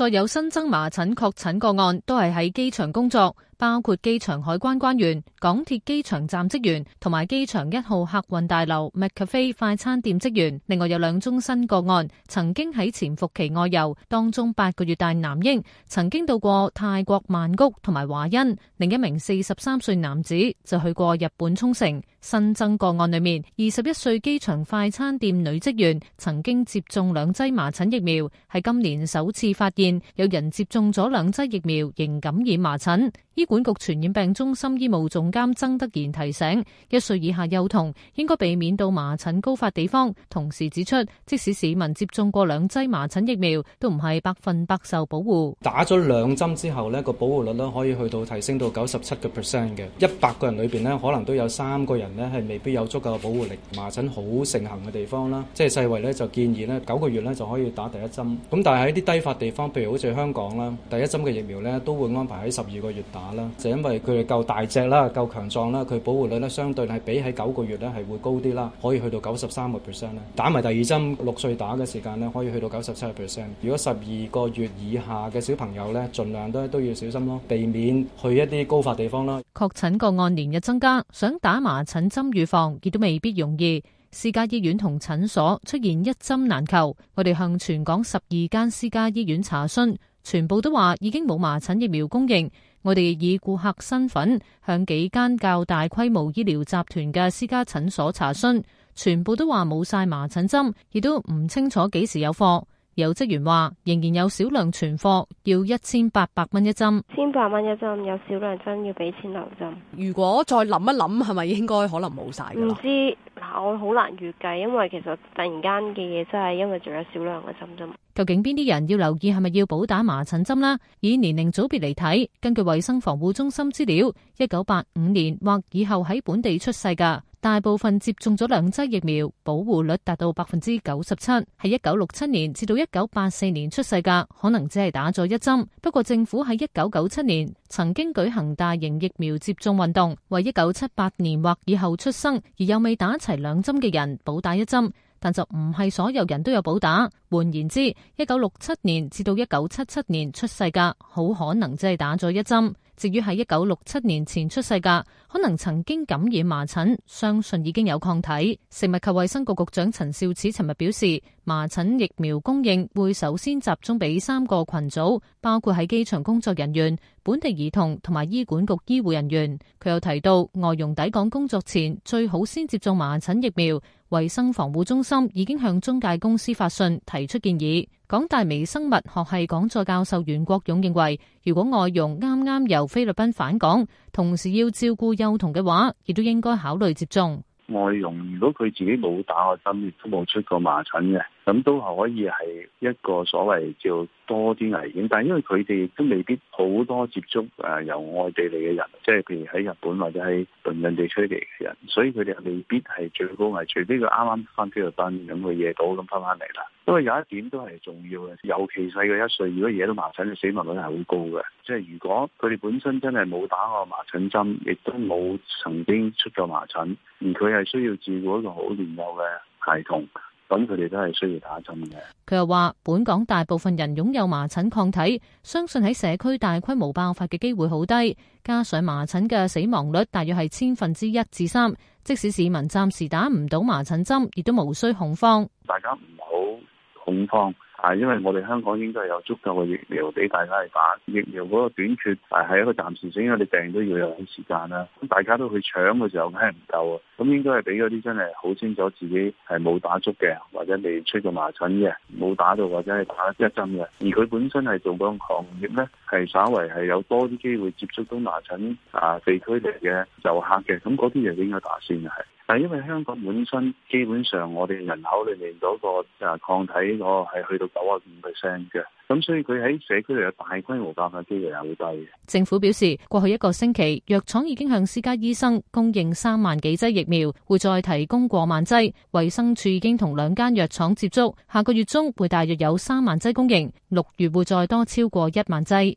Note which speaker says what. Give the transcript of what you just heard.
Speaker 1: 再有新增麻疹確診個案都係喺機場工作。包括機場海關關員、港鐵機場站職員同埋機場一號客運大樓麥咖啡快餐店職員，另外有兩宗新個案，曾經喺潛伏期外遊，當中八個月大男嬰曾經到過泰國曼谷同埋華欣，另一名四十三歲男子就去過日本沖繩。新增個案裏面，二十一歲機場快餐店女職員曾經接種兩劑麻疹疫苗，係今年首次發現有人接種咗兩劑疫苗仍感染麻疹。管局傳染病中心醫務總監曾德賢提醒，一歲以下幼童應該避免到麻疹高發地方，同時指出，即使市民接種過兩劑麻疹疫苗都唔係百分百受保護。
Speaker 2: 打咗兩針之後，呢個保護率呢可以去到提升到97個 percent 嘅100個人裏面呢可能都有三個人呢係未必有足夠的保護力。麻疹好盛行的地方啦，即係世衛呢就建議九個月呢就可以打第一針，咁，但係喺啲低發地方，譬如好似香港啦，第一針嘅疫苗呢都會安排喺十二個月打。就因為佢哋夠大隻啦，夠強壯啦，佢保護率呢，相對係比喺九個月呢，係會高啲啦，可以去到九十三個 percent 啦。打埋第二針六歲打嘅時間呢，可以去到九十七個 percent。如果十二個月以下嘅小朋友呢，儘量都都要小心咯，避免去一啲高發地方啦。
Speaker 1: 確診個案連日增加，想打麻疹針預防亦都未必容易。私家醫院同診所出現一針難求。我哋向全港十二間私家醫院查詢。全部都話已經冇麻疹疫苗供應，我哋以顧客身份向幾間較大、大規模醫療集團嘅私家診所查詢，全部都話冇晒麻疹針，亦都唔清楚幾時有貨。有職員話仍然有少量存貨，要一千八百蚊一針，千八蚊一針有少量針要俾錢留針。如果再諗一諗，係咪應該可能冇晒？唔知。我好難預計，因為其實突然間嘅嘢真係因為仲有少量嘅針針。究竟邊啲人要留意係咪要補打麻疹針啦？以年齡組別嚟睇，根據衛生防護中心資料，一九八五年或以後喺本地出世噶。大部分接種咗兩劑疫苗，保護率達到百分之九十七，係一九六七年至到一九八四年出世嘅，可能只係打咗一針。不過政府喺一九九七年曾經舉行大型疫苗接種運動，為一九七八年或以後出生而又未打齊兩針嘅人補打一針，但就唔係所有人都有補打。換言之，一九六七年至到一九七七年出世噶，好可能只係打咗一針；至於喺一九六七年前出世噶，可能曾經感染麻疹，相信已經有抗體。食物及衛生局局長陳肇始尋日表示，麻疹疫苗供應會首先集中俾三個群組，包括喺機場工作人員、本地兒童同埋醫管局醫護人員。佢又提到，外佣抵港工作前最好先接種麻疹疫苗。衛生防護中心已經向中介公司發信提。提出建議，港大微生物學系講座教授袁國勇認為，如果外傭啱啱由菲律賓返港，同時要照顧幼童嘅話，亦都應該考慮接種
Speaker 3: 外傭。如果佢自己冇打過針，亦都冇出過麻疹嘅。咁都係可以係一個所謂叫多啲危險，但係因為佢哋都未必好多接觸誒由外地嚟嘅人，即係譬如喺日本或者喺鄰近地區嚟嘅人，所以佢哋未必係最高危。除非佢啱啱返菲律賓咁嘅惹到咁返返嚟啦。因為有一點都係重要嘅，尤其細個一歲，如果惹到麻疹嘅死亡率係好高嘅。即係如果佢哋本身真係冇打過麻疹針，亦都冇曾經出過麻疹，而佢係需要照顧一個好年幼嘅孩童。咁佢哋都係需要打針嘅。
Speaker 1: 佢又話：本港大部分人擁有麻疹抗體，相信喺社區大規模爆發嘅機會好低。加上麻疹嘅死亡率大約係千分之一至三，即使市民暫時打唔到麻疹針，亦都無需恐慌。
Speaker 3: 大家唔好恐慌。係，因為我哋香港應該係有足夠嘅疫苗俾大家去打，疫苗嗰個短缺係喺一個暫時性，因為你訂都要有啲時間啦。咁大家都去搶嘅時候，梗係唔夠啊。咁應該係俾嗰啲真係好清楚自己係冇打足嘅，或者未出過麻疹嘅，冇打到或者係打一針嘅，而佢本身係做嗰行業咧，係稍為係有多啲機會接觸到麻疹啊地區嚟嘅遊客嘅，咁嗰啲就應該打先嘅係。.係，因為香港本身基本上，我哋人口裏面嗰個啊抗體個係去到九啊五 percent 嘅，咁所以佢喺社區度有大規模爆發機會係會低。
Speaker 1: 政府表示，過去一個星期，藥廠已經向私家醫生供應三萬幾劑疫苗，會再提供過萬劑。衞生署已經同兩間藥廠接觸，下個月中會大約有三萬劑供應，六月會再多超過一萬劑。